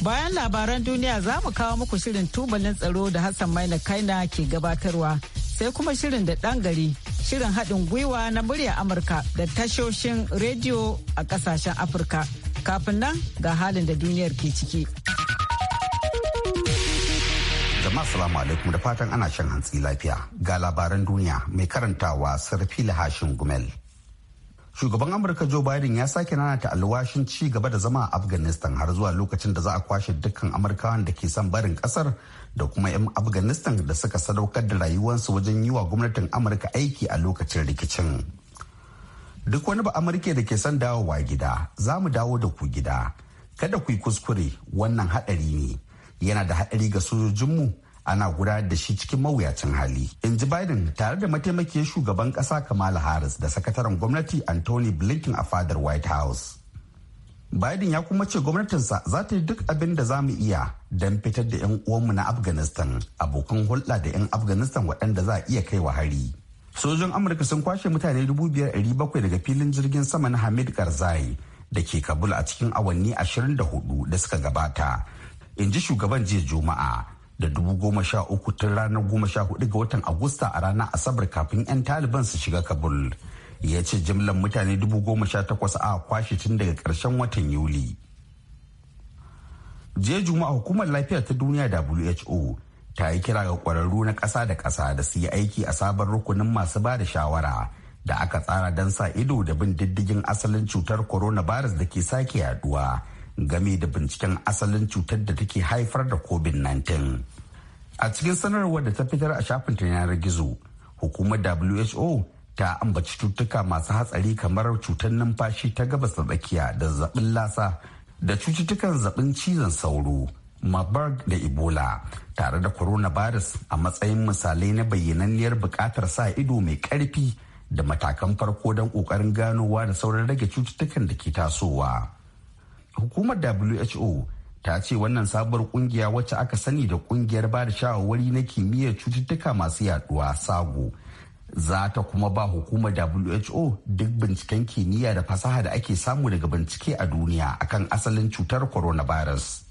Bayan labaran duniya za mu kawo muku shirin tubalin tsaro da Hassan Maina Kaina ke gabatarwa. Sai kuma shirin da ɗan gari, shirin haɗin gwiwa na murya Amurka da tashoshin rediyo a ƙasashen Afirka. Kafin nan ga halin da duniyar ke ciki. Jama'a salamu alaikum da fatan ana shan hantsi lafiya. Ga labaran duniya mai karantawa Sarfila Hashin Gumel. shugaban amurka joe biden ya sake nanata alwashin ci gaba da zama a afghanistan har zuwa lokacin da za a kwashe dukkan amurkawan da ke son barin kasar da kuma 'yan afghanistan da suka sadaukar da rayuwarsu wajen yi wa gwamnatin amurka aiki a lokacin rikicin duk wani ba amurka da ke son dawowa gida za mu dawo da ku gida kada ku yi kuskure wannan haɗari ne yana da haɗari ga sojojinmu ana gudanar da shi cikin mawuyacin hali in ji biden tare da mataimakiyar shugaban kasa kamala harris da sakataren gwamnati anthony blinken a fadar white house biden ya kuma ce gwamnatinsa za ta yi duk abin da za mu iya don fitar da 'yan uwanmu na afghanistan abokan hulɗa da 'yan afghanistan waɗanda za a iya kai wa hari sojojin amurka sun kwashe mutane 5,700 daga filin jirgin sama na hamid karzai da ke kabul a cikin awanni 24 da suka gabata in ji shugaban jiya juma'a da dubu goma sha uku tun ranar goma sha hudu ga watan agusta a ranar asabar kafin 'yan taliban su shiga kabul ya ce jimlar mutane dubu goma sha takwas a kwashe tun daga karshen watan yuli jiya juma'a hukumar lafiya ta duniya who ta yi kira ga kwararru na kasa da kasa da su yi aiki a sabon rukunin masu ba da shawara da aka tsara don sa ido da bin diddigin asalin cutar coronavirus da ke sake yaduwa game da binciken asalin cutar da take haifar da covid-19 a cikin sanarwar da ta fitar a shafin ta yanar gizo hukumar who ta ambaci cututtuka masu hatsari kamar cutar numfashi ta gabas da tsakiya da zaɓin lasa da cututtukan zaɓin cizon sauro marburg da ebola tare da coronavirus a matsayin misalai na bayyananniyar buƙatar sa ido mai ƙarfi da matakan farko don ƙoƙarin ganowa da sauran rage cututtukan da ke tasowa. hukumar who ta ce wannan sabuwar kungiya wacce aka sani da kungiyar ba da shawarwari na kimiyyar cututtuka masu yaduwa sago za ta kuma ba hukumar who duk binciken kimiyya da fasaha da ake samu daga bincike a duniya akan asalin cutar coronavirus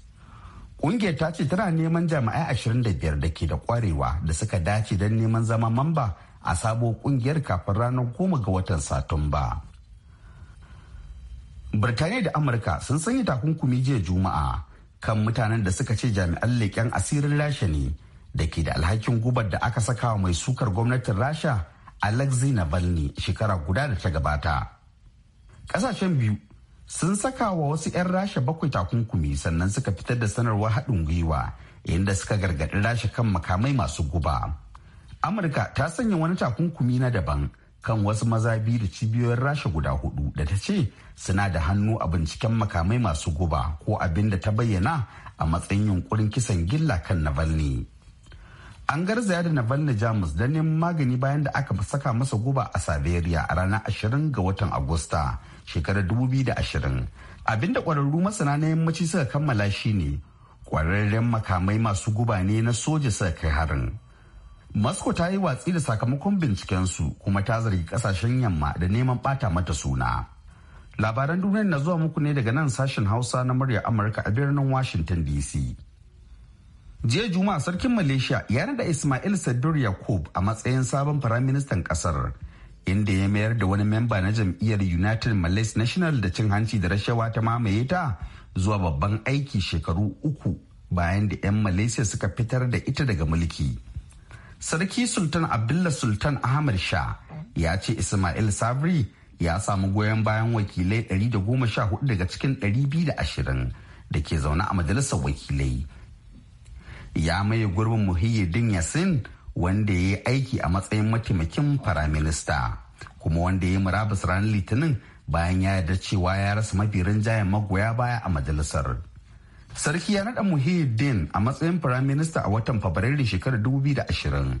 kungiyar ta ce tana neman jami'ai 25 da ke da kwarewa da suka dace don neman zama mamba a sabo kungiyar kafin ranar goma ga watan satumba. Birtaniya da Amurka sun sanya takunkumi jiya Juma'a kan mutanen da suka ce jami'an leƙen asirin Rasha ne da ke da alhakin gubar da aka saka wa mai sukar gwamnatin Rasha Alexei Navalny shekara guda da ta gabata. Ƙasashen biyu sun saka wa wasu 'yan Rasha bakwai takunkumi sannan suka fitar da sanarwar haɗin gwiwa inda suka gargaɗi Rasha kan makamai masu guba. Amurka ta sanya wani takunkumi na daban kan wasu maza biyu da cibiyoyin rasha guda hudu da ta ce suna da hannu a binciken makamai masu guba ko abin da ta bayyana a matsayin yunkurin kisan gilla kan navalny an garzaya da navalny jamus don neman magani bayan da aka saka masa guba a siberia a ranar 20 ga watan agusta shekarar 2020 abinda kwararru masana na yammaci suka kammala shine kwararren makamai masu guba ne na soja suka kai harin moscow ta yi watsi da sakamakon binciken su kuma ta zargi kasashen yamma da neman bata mata suna labaran duniyar na zuwa muku ne daga nan sashen hausa na murya amurka a birnin washington dc jiya juma'a sarkin malaysia ya da ismail sadur yakub a matsayin sabon firaministan kasar inda ya mayar da wani memba na jam'iyyar united malays national da cin hanci da rashawa ta mamaye ta zuwa babban aiki shekaru uku bayan da 'yan malaysia suka fitar da ita daga mulki. sarki sultan abdullah sultan ahmad sha ya ce ismail sabri ya samu goyon bayan wakilai 114 daga cikin 220 da ke zaune a majalisar wakilai ya maye gurbin muhyiddin yasin wanda ya yi aiki a matsayin mataimakin firaminista kuma wanda ya yi murabus ranar litinin bayan ya yarda cewa ya rasa mafi rinjayen magoya baya a majalisar Sarki ya naɗa Muhyiddin a matsayin Firaminista a watan Fabrairu shekarar 2020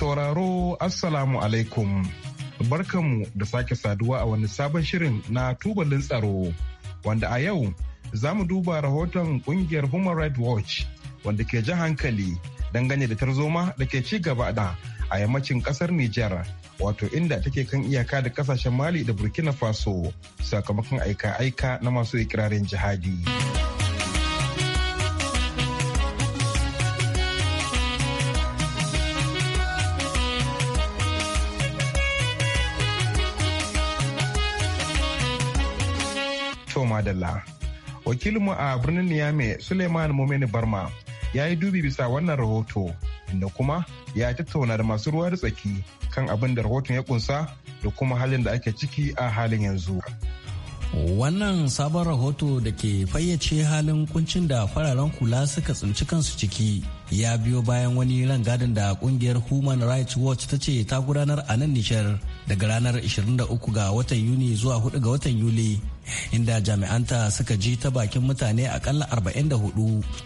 sauraro Assalamu alaikum. Barkanmu da sake saduwa a wani sabon shirin na tubalin tsaro wanda a yau za mu duba rahoton kungiyar Human Rights Watch wanda ke ji hankali dangane da tarzoma da ke ci gaba da a yammacin kasar Nijar wato inda take kan iyaka da kasashen Mali da Burkina Faso sakamakon aika-aika na masu ikirarin jihadi. madalla wakilinmu a birnin niyame suleiman Momeni barma ya yi dubi bisa wannan rahoto inda kuma ya tattauna da masu ruwa da tsaki kan abin da rahoton ya kunsa da kuma halin da ake ciki a halin yanzu Wannan sabon rahoto da ke fayyace halin kuncin da fararen kula suka tsinci kansu ciki ya biyo bayan wani rangadin da kungiyar Human Rights Watch ta ce ta gudanar a nan nishar daga ranar 23 ga watan Yuni zuwa 4 ga watan Yuli inda jami'anta suka ji ta bakin mutane akalla 44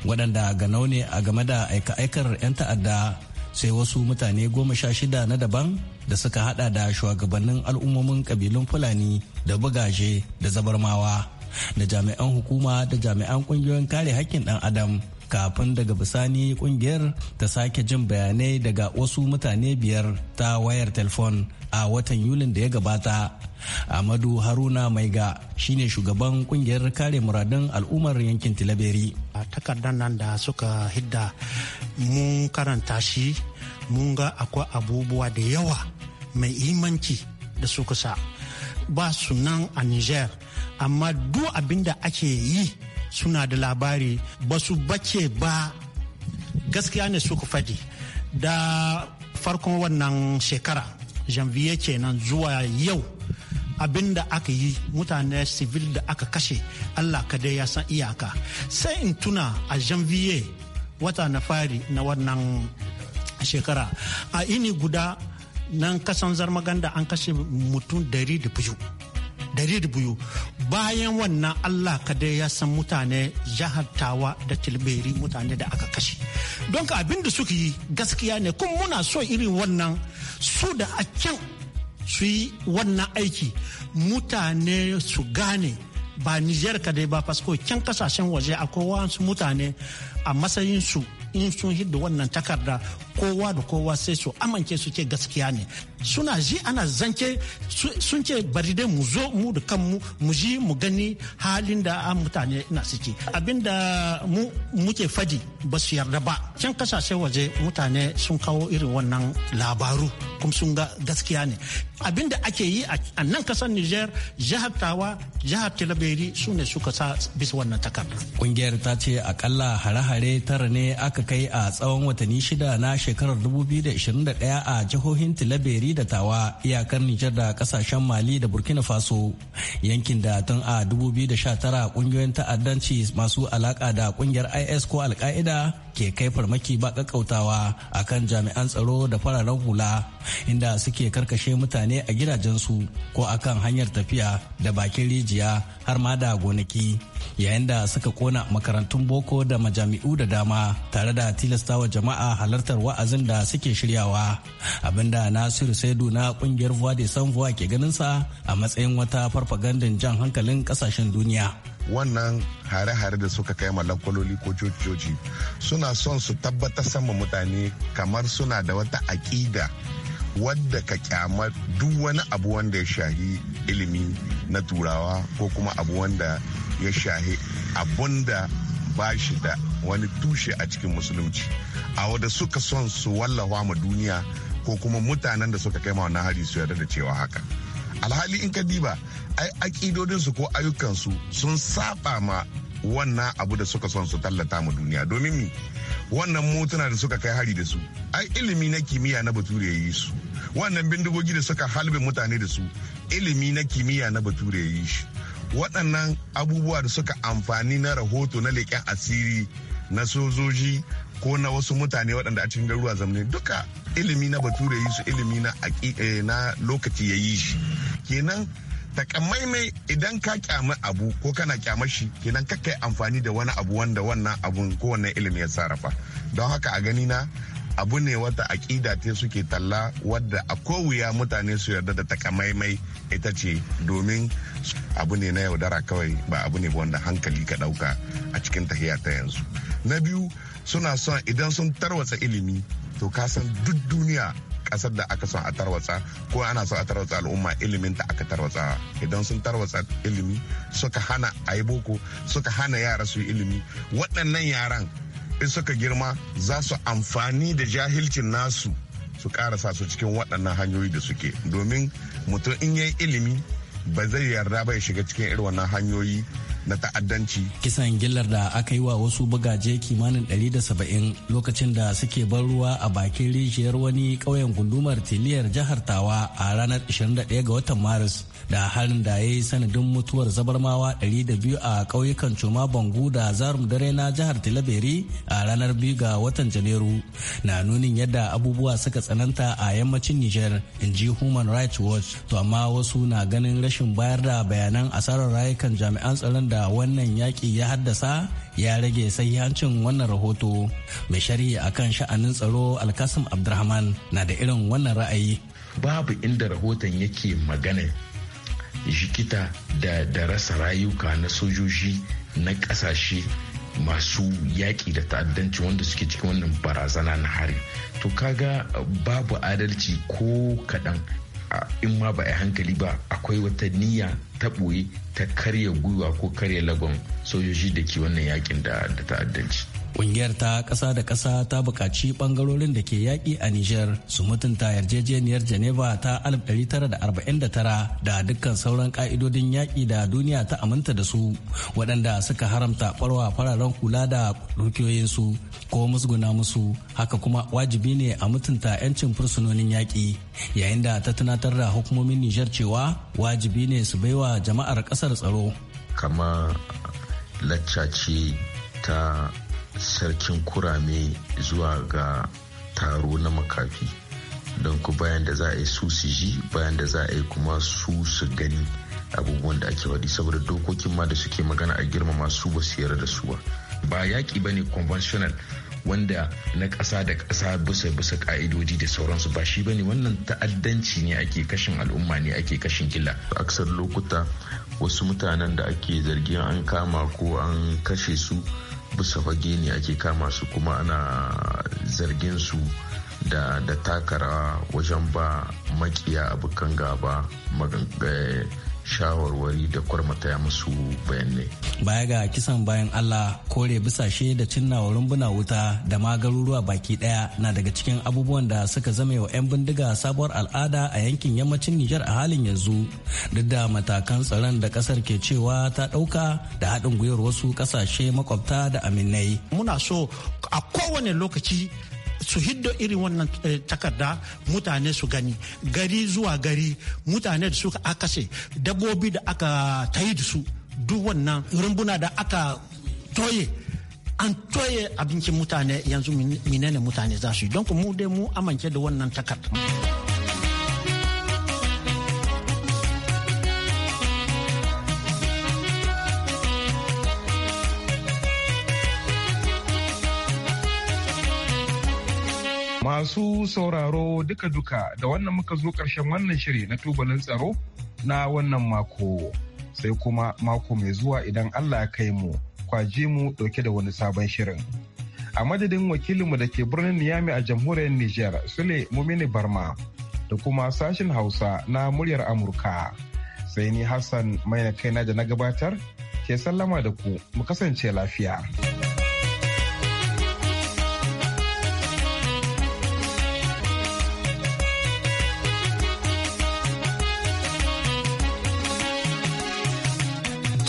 waɗanda ganau ne a game da aika-aikar 'yan ta'adda sai wasu mutane goma sha shida na daban da suka hada da shugabannin al'ummomin kabilun Fulani da bugashe da zabarmawa da jami'an hukuma da jami'an kungiyoyin kare haƙƙin ɗan adam kafin daga bisani kungiyar ta sake jin bayanai daga wasu mutane biyar ta wayar telefon a watan yulin da ya gabata amadu haruna maiga shine shugaban kungiyar kare muradun al'ummar yankin tilaberi takardar nan da suka hidda mun karanta shi mun ga akwai abubuwa da yawa mai imanci da suka sa ba su nan a niger amma duk abinda ake yi suna da labari ba su bace ba gaskiya ne suka faɗi da farkon wannan shekara janvier kenan zuwa yau abinda aka yi mutane civil da aka kashe allah kadai ya san iyaka sai in tuna a janvier wata na fari na wannan shekara a ini guda nan kasan zarmaganda an kashe mutum dari da biyu dari da biyu bayan wannan allah kadai ya san mutane jihar da tilberi mutane da aka kashe don ka abin da suka yi gaskiya ne kuma muna so irin wannan su da a can su yi wannan aiki mutane su gane ba Nijar kadai ba fasko can kasashen waje akwai wasu mutane a matsayin su in sun hidda wannan takarda kowa da kowa sai su amince suke gaskiya ne suna ji ana zance sun ce bari dai mu zo mu da kanmu mu ji mu gani halin da mutane na suke abinda mu muke fadi ba su yarda ba can kasashe waje mutane sun kawo irin wannan labaru kuma sun ga gaskiya ne abinda ake yi a nan kasar niger jihar tawa jihar tilaberi su ne suka sa bisa wannan takarda Ƙungiyar ta ce akalla hare-hare tara ne aka kai a tsawon watanni shida na shekarar 2021 a jihohin Tilaberi da Tawa iyakar Nijar da kasashen Mali da Burkina Faso yankin da tun a 2019 kungiyoyin ta'addanci masu alaka da kungiyar IS ko al ke kai farmaki ba a kan jami'an tsaro da fararen hula inda suke karkashe mutane a gidajensu ko a kan hanyar tafiya da bakin rijiya har ma da gonaki yayin da suka kona makarantun boko da majami'u da dama tare da tilastawa jama'a halartar wa'azin da suke shiryawa abinda nasiru saidu na kungiyar voa de sanvoa ke ganinsa a matsayin wata farfagandin jan hankalin kasashen duniya wannan hare-hare da suka kai malakwaloli ko coci suna son su tabbatar sama mutane kamar suna da wata aƙida wadda ka kyamar duk wani abu wanda ya shahi ilimi na turawa ko kuma abu wanda ya shahi abun da ba shi da wani tushe a cikin musulunci a wadda suka son su wallafa ma duniya ko kuma mutanen da suka kai ma wani hari su yarda da cewa haka. alhali in ka diba ai aƙidodinsu ko ayyukansu sun saba ma wannan abu da suka son su tallata ma duniya domin mi wannan motuna da suka kai hari da su ai ilimi na kimiyya na bature ya yi su wannan bindigogi da suka halbe mutane da su ilimi na kimiyya na bature ya yi shi waɗannan abubuwa da suka amfani na rahoto na leƙen asiri na sojoji ko na wasu mutane waɗanda a cikin garuruwa zamani duka ilimi na bature ya yi su ilimi na eh, lokaci ya yi shi kenan takamaimai idan ka kyamar abu ko kana kyama shi kenan ka kai amfani da wani abu wanda wannan abun ko wannan ilimi ya sarrafa don haka a gani na abu ne wata aƙida ce suke talla wadda a kowuya mutane su yarda da takamaimai ita ce domin abu ne na yaudara kawai ba abu ne wanda hankali ka ɗauka a cikin tahiya ta yanzu na biyu suna son idan sun tarwatsa ilimi to ka san duk duniya kasar da aka son a tarwatsa ko ana son a tarwatsa al'umma ilimin ta aka tarwatsa idan sun tarwatsa ilimi suka hana a yi boko suka hana yara su ilimi waɗannan yaran in suka girma za su amfani da jahilcin nasu su karasa su cikin waɗannan hanyoyi da suke domin mutum in yi ilimi ba zai yarda ba ya shiga cikin irin wannan hanyoyi na ta'addanci. Kisan gillar da aka yi wa wasu bugaje kimanin 170 lokacin da suke ban ruwa a bakin rijiyar wani ƙauyen gundumar tiliyar jihar Tawa a ranar 21 ga watan Maris da harin da ya yi sanadin mutuwar zabarmawa 200 a ƙauyukan Cuma Bangu da Zarum Dare na jihar Tilaberi a ranar 2 ga watan Janairu na nunin yadda abubuwa suka tsananta a yammacin niger in ji Human Rights Watch to amma wasu na ganin rashin bayar da bayanan asarar rayukan jami'an tsaron da wannan yaƙi ya haddasa ya rage sahihancin wannan rahoto mai shari'a akan sha'anin tsaro alkasim abdurrahman na da irin wannan ra'ayi babu inda rahoton yake magana jikita da, da rasa rayuka na sojoji na ƙasashe masu yaƙi da ta'addanci wanda suke cikin wannan barazana na hari to kaga babu adalci ko kaɗan in ma ba a hankali ba akwai wata niyya ta ɓoye ta karya gwiwa ko karya lagon sojoji da ke wannan yakin da ta'addanci. Ƙungiyar ta ƙasa da ƙasa ta bukaci bangarorin da ke yaƙi a Nijar su mutunta yarjejeniyar Geneva ta 1949 da dukkan sauran ƙa'idodin yaƙi da duniya ta aminta da su waɗanda suka haramta farwa fararen kula da dukiyoyinsu ko musguna musu haka kuma wajibi ne a mutunta 'yancin fursunonin yaƙi yayin da ta tunatar da hukumomin Nijar cewa wajibi ne su baiwa jama'ar ƙasar tsaro. Kama lacca ta sarkin kurame zuwa ga taro na makafi don ku bayan da za a yi su su ji bayan da za a yi kuma su su gani abubuwan da ake wadi saboda dokokin ma da suke magana a girmama su ba su yarda da su ba ba yaƙi ba ne conventional wanda na ƙasa da ƙasa busa bisa ƙa'idodi da sauransu ba shi ba ne wannan ta'addanci ne ake kashin al'umma ne ake kashin killa aksar lokuta wasu mutanen da ake zargin an kama ko an kashe su bisa fage ne ake kama su kuma ana zargin su da da takara wajen ba makiya abokan gaba eh, shawarwari da kwarmataya musu bayanai. Baya ga kisan bayan Allah kore bisashe da cinnawa rumbuna wuta da ma garuruwa baki daya na daga cikin abubuwan da suka zama wa 'yan bindiga sabuwar al'ada a yankin yammacin Nijar a halin yanzu duk da matakan tsaron da kasar ke cewa ta dauka da haɗin gwiwar wasu kasashe makwabta da aminai. Muna so a kowane lokaci su hiddo irin wannan eh, takarda mutane su gani gari zuwa gari mutane da suka akase dabbobi da aka tayi da su duk wannan rumbuna da aka toye an toye abincin mutane yanzu minene mutane za su yi don mu dai mu amince da wannan takarda. Masu sauraro duka-duka da wannan muka zo ƙarshen wannan shiri na tubalin tsaro na wannan mako. Sai kuma mako mai zuwa idan Allah ya kai mu kwaji mu ɗauke da wani sabon shirin. A madadin wakilinmu da ke birnin Niyami a jamhuriyar Nijar, Sule Mumini Barma da kuma sashin Hausa na muryar Amurka. Sai ni Hassan mai na kaina da na gabatar ke sallama da ku mu kasance lafiya.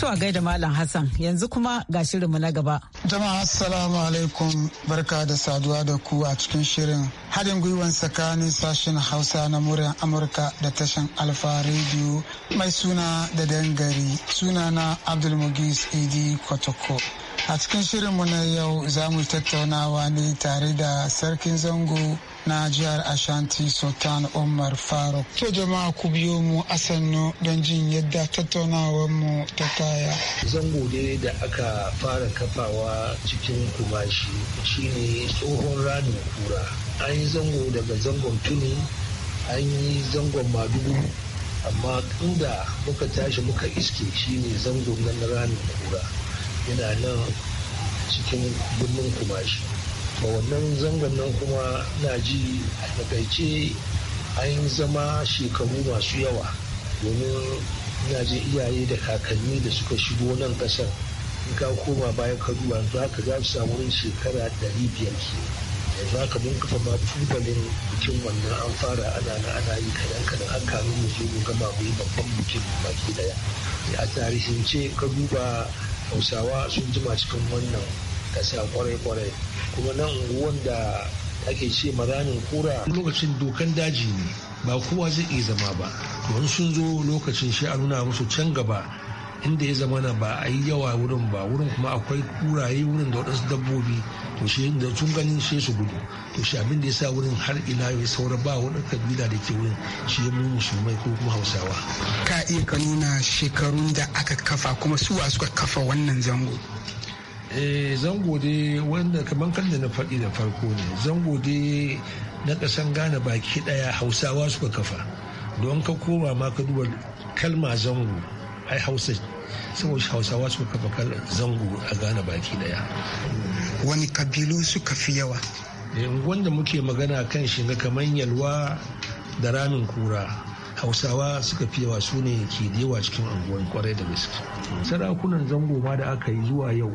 To a gaida Malam Hassan yanzu kuma ga shirinmu na gaba. Jama'a Assalamu alaikum barka da saduwa da ku a cikin shirin haɗin gwiwan tsakanin sashen Hausa na muryar Amurka da tashan Alfa Radio mai suna da dangari sunana Abdulmugis Idi Kotoko. a cikin shirinmu na yau za mu tattaunawa ne tare da sarkin zango na jihar ashanti sultan umar faruk to jama'a ku biyo mu asannu don jin yadda tattaunawar mu ta kaya zango ne da aka fara kafawa cikin kumashi shine tsohon ranin kura an yi zango daga zangon tuni an yi zangon madugu amma inda muka tashi muka iske shine zangon na ranin kura yana nan cikin birnin kumashi ba wannan zangon nan kuma na ji a takaice an zama shekaru masu yawa domin na ji iyaye da kakanni da suka shigo nan kasar in ka koma bayan ka duba ka za su samu wurin shekara ɗari biyar ke yanzu ka mun kafa ma tubalin bikin wannan an fara ana na ana yi kadan kaɗan an kamin mu zo mu gama mu yi babban bikin baki ɗaya a tarihin ce ka duba hausawa sun jima cikin wannan ƙasa kwarai-kwarai kuma nan unguwan da ake ce maranin kura lokacin dokan daji ne ba kowa zai iya zama ba don sun zo lokacin shi a nuna musu can gaba inda ya zama na ba a yi yawa wurin ba wurin kuma akwai kuraye wurin da waɗansu dabbobi to shi da sun ganin sai su gudu to shi abin da ya sa wurin har ila ya saura ba wani kabila da ke wurin shi ya mu musulmai ko kuma hausawa. ka iya ka nuna shekarun da aka kafa kuma su wa suka kafa wannan zango. eh zango dai wanda kamar kan da na faɗi da farko ne zango dai na ƙasan ghana baki ɗaya hausawa suka kafa don ka koma ma ka duba kalma zango ai hausa saboda hausawa su kafa zango a ghana baki daya wani kabilu suka fi yawa eh, wanda muke magana kan shiga kamar yalwa da ramin kura hausawa suka fi yawa su ne ke da yawa cikin anguwan kwarai da gaske sarakunan zango ma da aka yi zuwa yau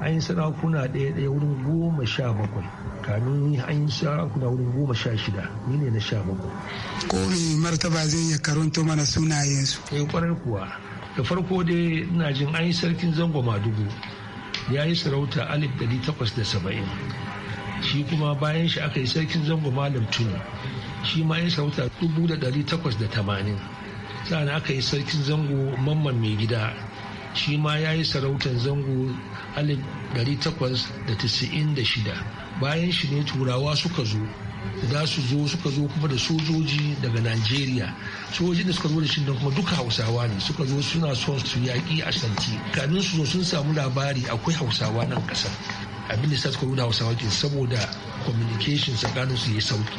an yi sarakuna ɗaya ɗaya wurin goma sha bakwai kamin an yi sarakuna wurin goma sha shida ni ne na sha bakwai ko martaba zai iya karanto mana sunayensu eh kwarai kuwa da farko dai ina jin an yi sarkin zango madugu ya yi sarauta alif takwas da saba'in shi kuma bayan shi aka yi sarkin zango malam tuni shi ma ya sarauta dubu da da tamanin sa'an aka yi sarkin zango mamman mai gida shi ma ya yi sarautar zango 1896 bayan shi ne turawa suka zo za su zo suka zo kuma da sojoji daga Najeriya sojoji da suka zo da shi kuma duka Hausawa ne suka zo suna son su yaƙi a shanti kamin su zo sun samu labari akwai Hausawa nan kasar abin da suka zo da Hausawa ke saboda communication tsakanin su yi sauki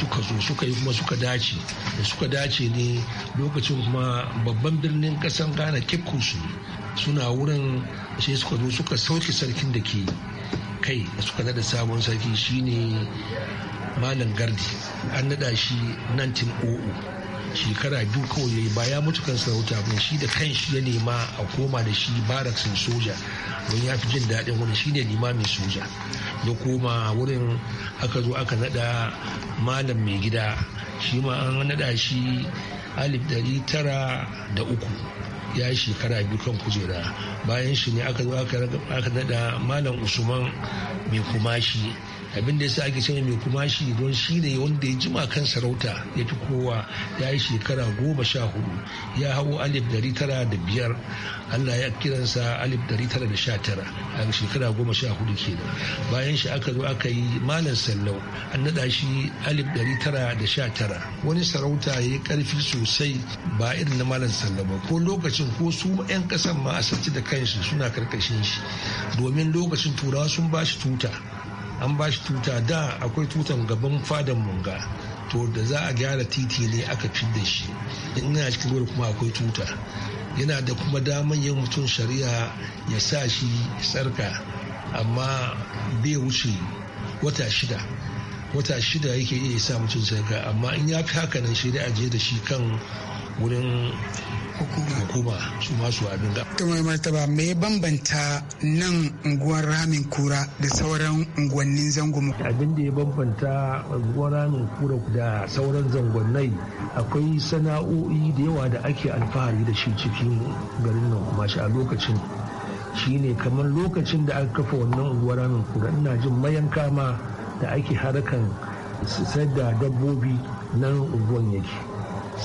suka zo suka yi kuma suka dace da suka dace ne lokacin kuma babban birnin kasan ghana kekusu suna wurin sai suka zo suka sauke sarkin da ke kai da suka nada sabon sarki shine malam gardi an nada shi 1900 shekara biyu kawai ya yi ba ya mutu kansa sarauta ba shi da kan shi ya nema a koma da shi baraksin soja don ya fi jin daɗin wani shi ne limamin soja ya koma wurin aka zo aka naɗa malam mai gida shi ma an naɗa shi alif ɗari tara da uku ya yi shekara biyu kan kujera bayan shi ne aka zo aka naɗa malam usman mai kumashi abin da yasa ake cewa mai kumashi don shi ne wanda ya jima kan sarauta ya fi kowa ya yi shekara goma sha hudu ya hau alif dari tara da biyar allah ya kiransa alif dari tara da sha tara a shekara goma sha hudu kenan bayan shi aka zo aka yi malam sallau an naɗa shi alif dari tara da sha tara wani sarauta ya yi ƙarfi sosai ba irin na malam sallau ba ko lokacin ko su 'yan ƙasan ma a da kanshi suna karkashin shi domin lokacin turawa sun ba shi tuta an ba shi tuta da akwai tutan gaban fadan munga to da za a gyara titi ne aka fi da shi ina cikin gwada kuma akwai tuta yana da kuma daman yin mutum shari'a ya sa shi sarka amma bai wuce wata shida wata shida yake iya sa mutum sarka amma in ya fi haka nan shari'a je da shi kan wurin kuma su masu abin da. Tumar martaba me ya bambanta nan unguwar ramin kura da sauran unguwannin zangon. Abin da ya bambanta unguwar ramin kura da sauran zangonnai akwai sana'o'i da yawa da ake alfahari da shi cikin garin nan kuma shi a lokacin shine kamar lokacin da aka kafa wannan unguwar ramin kura ina jin mayanka ma da ake harkan sayar da dabbobi nan unguwan yake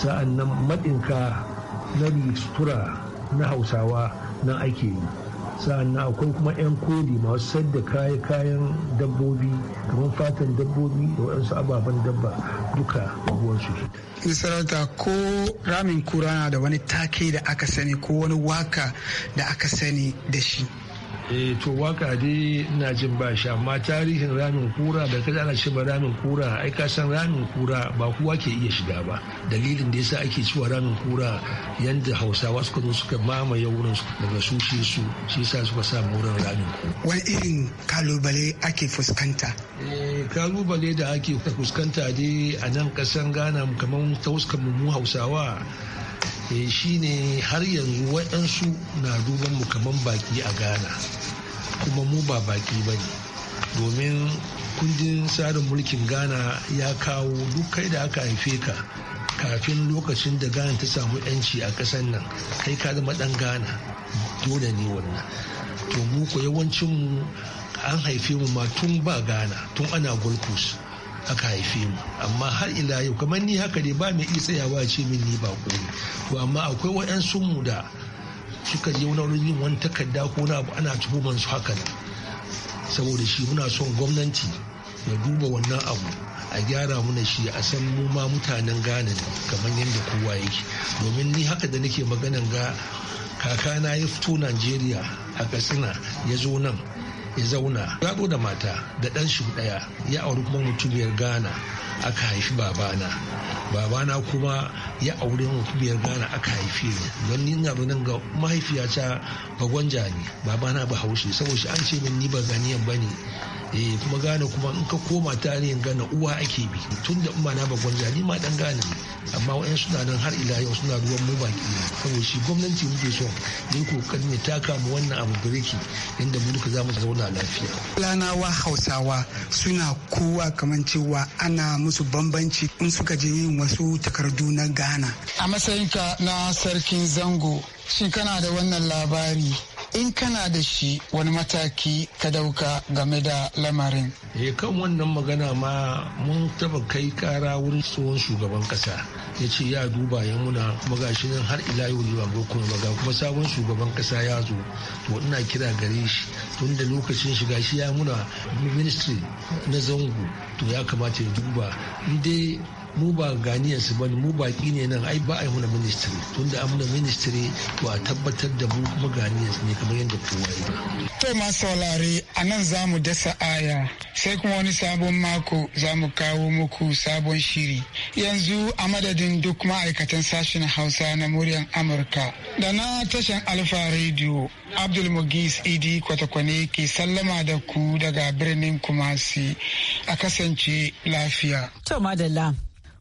sa'an nan matinka na sutura na hausawa nan ake yi sa'an akwai kuma 'yan koli masu sayar da kayan kayan dabbobi kamar fatan dabbobi da waɗansu ababen dabba duka unguwarsu sarauta ko ramin kura na da wani take da aka sani ko wani waka da aka sani da shi eh to waka dai ina jin ba shi amma tarihin ramin kura da kada ana cewa ramin kura ai ka san ramin kura ba kowa ke iya shiga ba dalilin da yasa ake cewa ramin kura yanda hausawa suka zo suka mamaye wurin su daga su shi su shi yasa suka sa wurin ramin kura wani irin kalubale ake fuskanta eh, kalubale da ake fuskanta dai a nan kasan ghana kamar ta mu hausawa Eh, shine har yanzu waɗansu na duban mu kamar baki a ghana kuma mu ba baki ba ne domin kundin tsarin mulkin ghana ya kawo duk kai da aka haife ka kafin lokacin da ghana ta samu 'yanci a ƙasar nan kai ka zama ɗan ghana dole ne wannan to mu ko yawancin an haife mu ma tun ba ghana tun ana gulkus aka haife mu amma har ila yau kamar ni haka dai ba mai isa yawa ce min ni ba ne to amma akwai waɗansu mu da suka je wani wurin yin wani takarda ko na abu ana tuhuman su haka nan saboda shi muna son gwamnati ya duba wannan abu a gyara muna shi a san mu ma mutanen Ghana ne kamar yadda kowa yake domin ni haka da nake maganan ga kakana ya fito Najeriya a Katsina ya zo nan ya zauna ya da mata da ɗan shi ɗaya ya auri kuma mutumiyar gana aka haifi babana babana kuma ya auri mutumiyar gana aka haifi ne don ni ina nan ga mahaifiyata bagwanja ne babana ba haushe saboda an ce min ni ba ganiyan ba ne eh kuma gane kuma in ka koma tarihin gane uwa ake bi tun da umma na babban jari ma dan gane amma wa'yan suna nan har ila yau suna ruwan mu baki saboda shi gwamnati muke so ne kokarin ya taka mu wannan abu biriki inda mu duka zamu zauna lafiya lanawa hausawa suna kowa kamar cewa ana musu bambanci in suka je yin wasu takardu na gana a matsayinka na sarkin zango shin kana da wannan labari in kana da shi wani mataki ka dauka game da lamarin Ya eh, kan wannan magana ma mun taba kai kara wurin tsohon shugaban kasa ya ce ya duba ya muna kuma nan har ila yau ne ba kuma maga kuma sabon shugaban kasa ya zo to ina kira gare shi tun da lokacin shiga shi ya muna ministry na zango to ya kamata ya duba in dai mu ba ganiyar su bane mu baki ne nan ai ba a yi muna ministry tunda an muna ministry ba a tabbatar da mu kuma ganiyar ne kamar yadda kowa ya to masu saurare a nan za mu dasa aya sai kuma wani sabon mako za mu kawo muku sabon shiri yanzu a madadin duk ma'aikatan sashen hausa na muryan amurka da na tashan alfa radio abdul mugis idi kwatakwane ke sallama da ku daga birnin kumasi a kasance lafiya to madalla